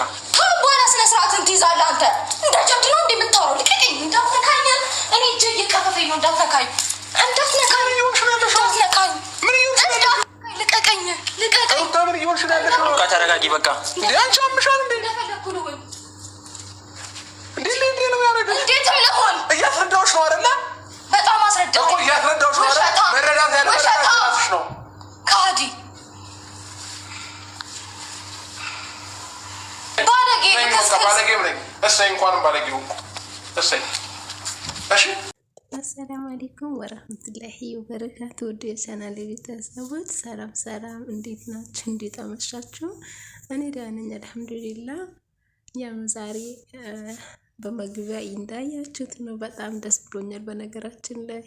በቃ ከአሁን በኋላ ስነ ስርዓትን ትይዛለህ አንተ። እንደ ጀብድ ነው እንደ የምታወራው። ልቀቀኝ፣ እንዳትነካኝ። እኔ እጄ እየቀፈፈኝ ነው። እንዳትነካኝ፣ እንዳትነካኝ፣ እንዳትነካኝ። ልቀቀኝ፣ ልቀቀኝ። ተረጋጊ፣ በቃ አንቺ አምሻል እንደ እንደፈለግኩ ነው እሰይ እንኳንም ባለጌው እሰይ። እሺ አሰላም አለይኩም ወረህመቱላሂ ወበረካቱ። ውድ የቻናል ቤተሰቦች ሰላም ሰላም፣ እንዴት ናችሁ? እንዴት አመሻችሁ? እኔ ደህና ነኝ አልሐምዱሊላህ። ያው ዛሬ በመግቢያ እንዳያችሁት ነው፣ በጣም ደስ ብሎኛል። በነገራችን ላይ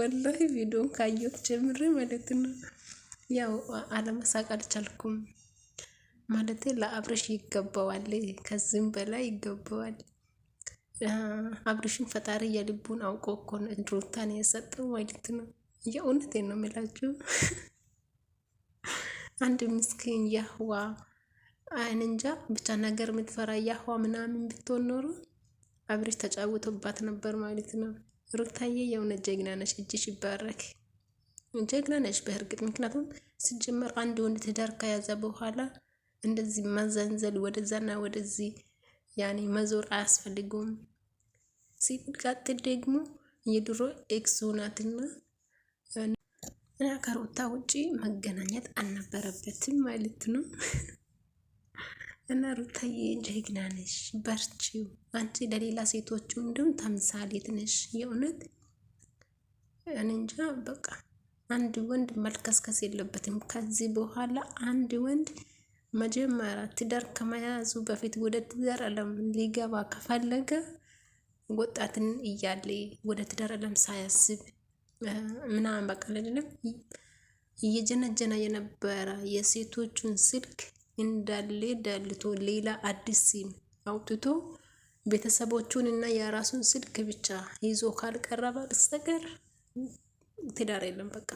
ወላሂ ቪዲዮን ካየሁት ጀምሬ ማለት ነው ያው አለመሳቅ አልቻልኩም። ማለት ለአብርሽ ይገባዋል፣ ከዚህም በላይ ይገባዋል። አብርሽን ፈጣሪ የልቡን አውቆ እኮ ሩታን የሰጠው ማለት ነው። የእውነቴ ነው የሚላችሁ አንድ ምስኪን ያህዋ አንንጃ ብቻ ነገር የምትፈራ ያህዋ ምናምን ብትሆን ኖሮ አብርሽ ተጫውቶባት ነበር ማለት ነው። ሩታዬ የእውነት ጀግና ነሽ፣ እጅሽ ይባረክ። ጀግና ነሽ በእርግጥ ምክንያቱም ስጀመር አንድ ወንድ ትዳር ከያዘ በኋላ እንደዚህ መዘንዘል ወደዛና ወደዚህ ያኔ መዞር አያስፈልገውም። ሲቀጥል ደግሞ የድሮ ኤክሱ ናትና እና ከሩታ ውጪ መገናኘት አልነበረበትም ማለት ነው። እና ሩታዬ ጀግና ነሽ፣ በርቺው። አንቺ ለሌላ ሴቶች እንዲሁም ተምሳሌት ነሽ። የእውነት እንጃ በቃ አንድ ወንድ መልከስከስ የለበትም ከዚህ በኋላ አንድ ወንድ መጀመሪያ ትዳር ከመያዙ በፊት ወደ ትዳር ዓለም ሊገባ ከፈለገ ወጣትን እያለ ወደ ትዳር ዓለም ሳያስብ ምናምን በቃ አይደለም እየጀነጀነ የነበረ የሴቶቹን ስልክ እንዳለ ዳልቶ ሌላ አዲስ ሲም አውጥቶ ቤተሰቦቹን እና የራሱን ስልክ ብቻ ይዞ ካልቀረበ በስተቀር ትዳር የለም በቃ።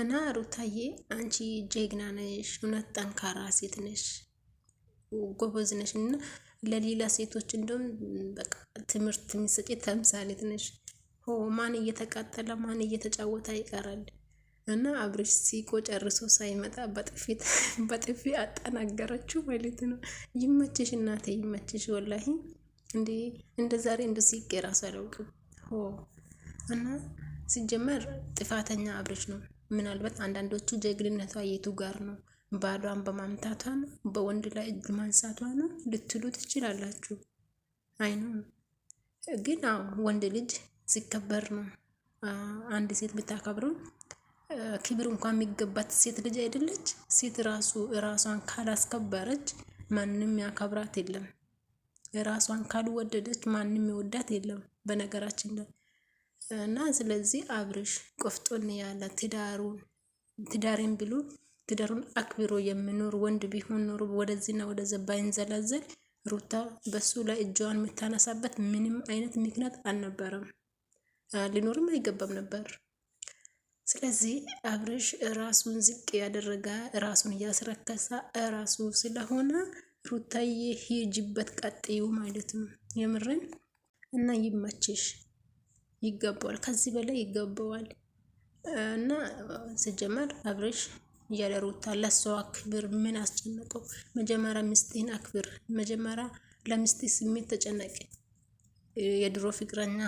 እና ሩታዬ አንቺ ጀግና ነሽ፣ እውነት ጠንካራ ሴት ነሽ፣ ጎበዝ ነሽ እና ለሌላ ሴቶች እንደውም በቃ ትምህርት የሚሰጭ ተምሳሌት ነሽ። ሆ ማን እየተቃጠለ ማን እየተጫወተ ይቀራል። እና አብርሽ ሲቆ ጨርሶ ሳይመጣ በጥፊ አጠናገረችው ማለት ነው። ይመችሽ እናቴ ይመችሽ። ወላሂ እንዴ እንደ ዛሬ እንደ ሲቄ ራሱ አላውቅም። ሆ እና ሲጀመር ጥፋተኛ አብርሽ ነው። ምናልባት አንዳንዶቹ ጀግንነቷ የቱ ጋር ነው ባሏን በማምታቷ ነው፣ በወንድ ላይ እጅ ማንሳቷ ነው ልትሉ ትችላላችሁ። አይ ነው ግን አዎ ወንድ ልጅ ሲከበር ነው አንድ ሴት ብታከብረው ክብር እንኳን የሚገባት ሴት ልጅ አይደለች። ሴት ራሱ ራሷን ካላስከበረች ማንም ያከብራት የለም። ራሷን ካልወደደች ማንም ይወዳት የለም። በነገራችን ላይ እና ስለዚህ አብርሽ ቆፍጦን ያለ ትዳሩን ትዳሬን ብሎ ትዳሩን አክብሮ የሚኖር ወንድ ቢሆን ኖሮ ወደዚህና ወደዚያ ባይንዘላዘል ሩታ በሱ ላይ እጇን የምታነሳበት ምንም አይነት ምክንያት አልነበረም፣ ሊኖርም አይገባም ነበር። ስለዚህ አብርሽ ራሱን ዝቅ ያደረገ ራሱን እያስረከሳ ራሱ ስለሆነ ሩታዬ ሂጅበት ቀጥዩ ማለት ነው። የምርን እና ይመችሽ። ይገባዋል፣ ከዚህ በላይ ይገባዋል። እና ስጀመር አብረሽ እያለ ሩታ ለሰው አክብር፣ ምን አስጨነቀው? መጀመሪያ ሚስትህን አክብር። መጀመሪያ ለሚስትህ ስሜት ተጨነቅ። የድሮ ፍቅረኛ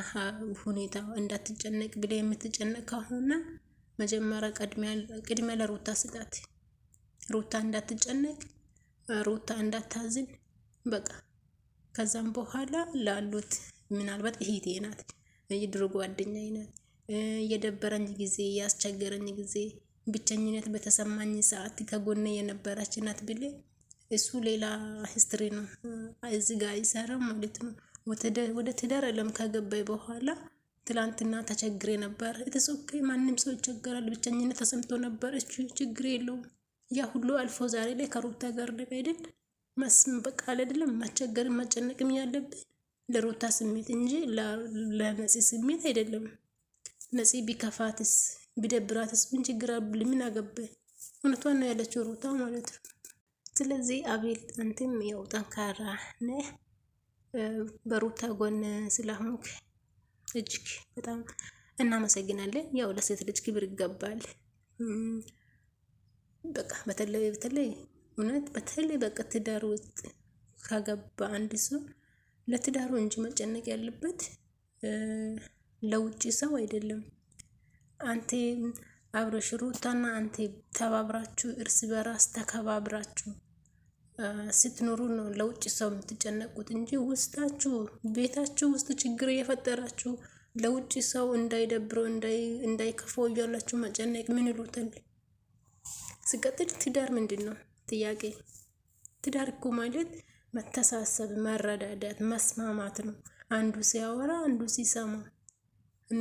ሁኔታ እንዳትጨነቅ ብለ የምትጨነቅ ከሆነ መጀመሪያ ቅድሚያ ለሩታ ስጣት። ሩታ እንዳትጨነቅ፣ ሩታ እንዳታዝን በቃ ከዛም በኋላ ላሉት ምናልባት እህቴ ናት የድሮ ጓደኛዬ ነው። የደበረኝ ጊዜ ያስቸገረኝ ጊዜ ብቸኝነት በተሰማኝ ሰዓት ከጎነ የነበረች ናት ብል እሱ ሌላ ሂስትሪ ነው፣ እዚ ጋ አይሰራም ማለት ነው። ወደ ትዳር ዓለም ከገባይ በኋላ ትላንትና ተቸግሬ ነበር። የተጾከ ማንም ሰው ይቸገራል፣ ብቸኝነት ተሰምቶ ነበር። እሱ ችግር የለውም ያ ሁሉ አልፎ ዛሬ ላይ ከሩታ ጋር ነቀ መስም በቃ አይደለም መቸገርም መጨነቅም ያለብን ለሮታ ስሜት እንጂ ለነፂ ስሜት አይደለም። ነፂ ቢከፋትስ ቢደብራትስ ምን ችግር ምን አገባ? እውነቷን ነው ያለችው ሮታ ማለት ነው። ስለዚህ አቤል አንተም ያው ጠንካራ ነህ፣ በሮታ ጎን ስለሆንክ እጅግ በጣም እናመሰግናለን። ያው ለሴት ልጅ ክብር ይገባል። በቃ በተለይ በተለይ እውነት በተለይ በቃ ትዳር ውስጥ ከገባ አንድ ሰው ለትዳሩ እንጂ መጨነቅ ያለበት ለውጭ ሰው አይደለም። አንቴ አብረሽ ሩታና አንቴ ተባብራችሁ እርስ በራስ ተከባብራችሁ ስትኖሩ ነው ለውጭ ሰው የምትጨነቁት እንጂ ውስጣችሁ ቤታችሁ ውስጥ ችግር እየፈጠራችሁ ለውጭ ሰው እንዳይደብረው እንዳይከፈው እያላችሁ መጨነቅ ምን ይሉታል? ስቀጥል ትዳር ምንድን ነው ጥያቄ። ትዳር እኮ ማለት መተሳሰብ፣ መረዳዳት፣ መስማማት ነው። አንዱ ሲያወራ አንዱ ሲሰማ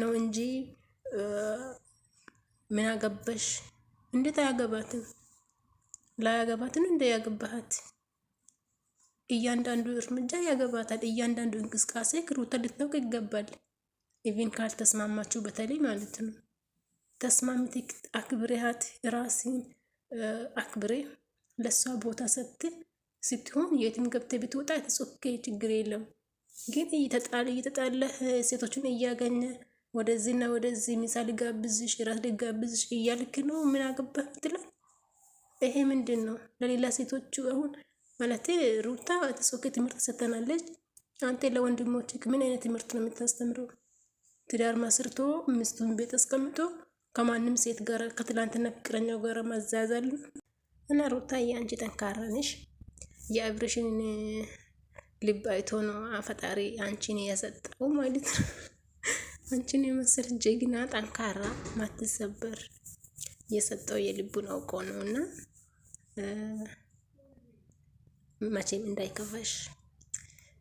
ነው እንጂ ምን አገባሽ እንዴት አያገባትም ላያገባትን እንደ ያገባሃት እያንዳንዱ እርምጃ ያገባታል። እያንዳንዱ እንቅስቃሴ ክሩተ ልታውቅ ይገባል። ኢቪን ካልተስማማችሁ በተለይ ማለት ነው ተስማምት አክብሬሃት ራሲን አክብሬ ለእሷ ቦታ ሰጥት ስትሆን የትም ገብተ ብትወጣ ኦኬ ችግር የለም። ግን እየተጣለህ ሴቶችን እያገኘ ወደዚህና ወደዚህ ምሳ ልጋብዝሽ፣ ራት ልጋብዝሽ እያልክ ነው። ምን አገባህ ምትለው ይሄ ምንድን ነው? ለሌላ ሴቶቹ አሁን ማለት ሩታ ተሶኬ ትምህርት ሰተናለች። አንተ ለወንድሞች ምን አይነት ትምህርት ነው የምታስተምረው? ትዳር ማስርቶ ሚስቱን ቤት አስቀምጦ ከማንም ሴት ጋር ከትላንትና ፍቅረኛው ጋር ማዛዛል እና ሩታ የአንቺ ጠንካራ ነሽ። የአብሬሽን ልብ አይቶ ነው ፈጣሪ አንቺን የሰጠው ማለት ነው። አንቺን የመሰል ጀግና፣ ጠንካራ፣ ማትሰበር የሰጠው የልቡን አውቆ ነው እና መቼም እንዳይከፋሽ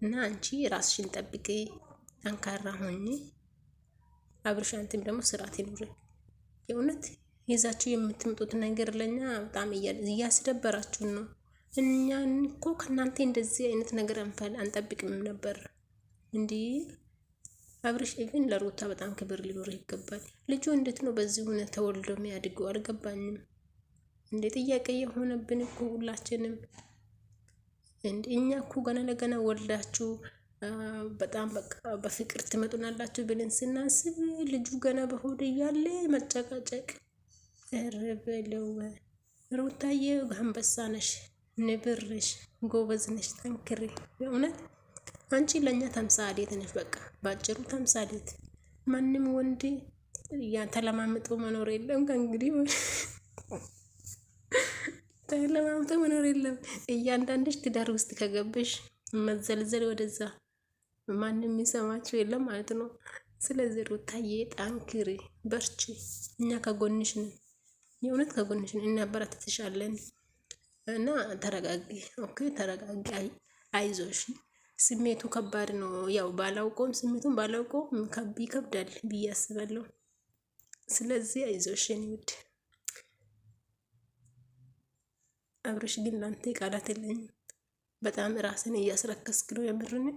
እና አንቺ ራስሽን ጠብቂ፣ ጠንካራ ሆኚ። አብርሽ አንተም ደግሞ ስርዓት ይኑር። የእውነት ይዛችሁ የምትምጡት ነገር ለኛ በጣም እያስደበራችሁን ነው። እኛን እኮ ከእናንተ እንደዚህ አይነት ነገር አንፈል አንጠብቅም ነበር እንዲህ አብርሽ ኢቭን ለሩታ በጣም ክብር ሊኖር ይገባል። ልጁ እንዴት ነው በዚህ ሁኔታ ተወልዶ የሚያድገው አልገባኝም። እንደ ጥያቄ የሆነብን እኮ ሁላችንም እንዲ እኛ እኮ ገና ለገና ወልዳችሁ በጣም በቃ በፍቅር ትመጡናላችሁ ብለን ስናስብ ልጁ ገና በሆድ እያለ መጨቃጨቅ ርብለው ሩታዬ አንበሳ ነሽ። ንብርሽ ጎበዝ ነሽ፣ ጠንክሪ። በእውነት አንቺ ለእኛ ተምሳሌት ነሽ። በቃ በአጭሩ ተምሳሌት። ማንም ወንድ ተለማምጦ መኖር የለም ከእንግዲህ ተለማምጦ መኖር የለም። እያንዳንድሽ ትዳር ውስጥ ከገብሽ መዘልዘል ወደዛ ማንም የሚሰማቸው የለም ማለት ነው። ስለዚህ ሩታዬ ጣንክሪ በርቺ። እኛ ከጎንሽ ነን፣ የእውነት ከጎንሽ ነን። እናበረታትሻለን። እና ተረጋጊ፣ ኦኬ ተረጋጊ፣ አይዞሽ። ስሜቱ ከባድ ነው። ያው ባላውቀውም ስሜቱን ባላውቀው ይከብዳል ብዬ አስባለሁ። ስለዚህ አይዞሽ የኔ ውድ አብረሽ ግን ላንተ ቃላት የለኝም። በጣም ራስን እያስረከስክ ነው የምርን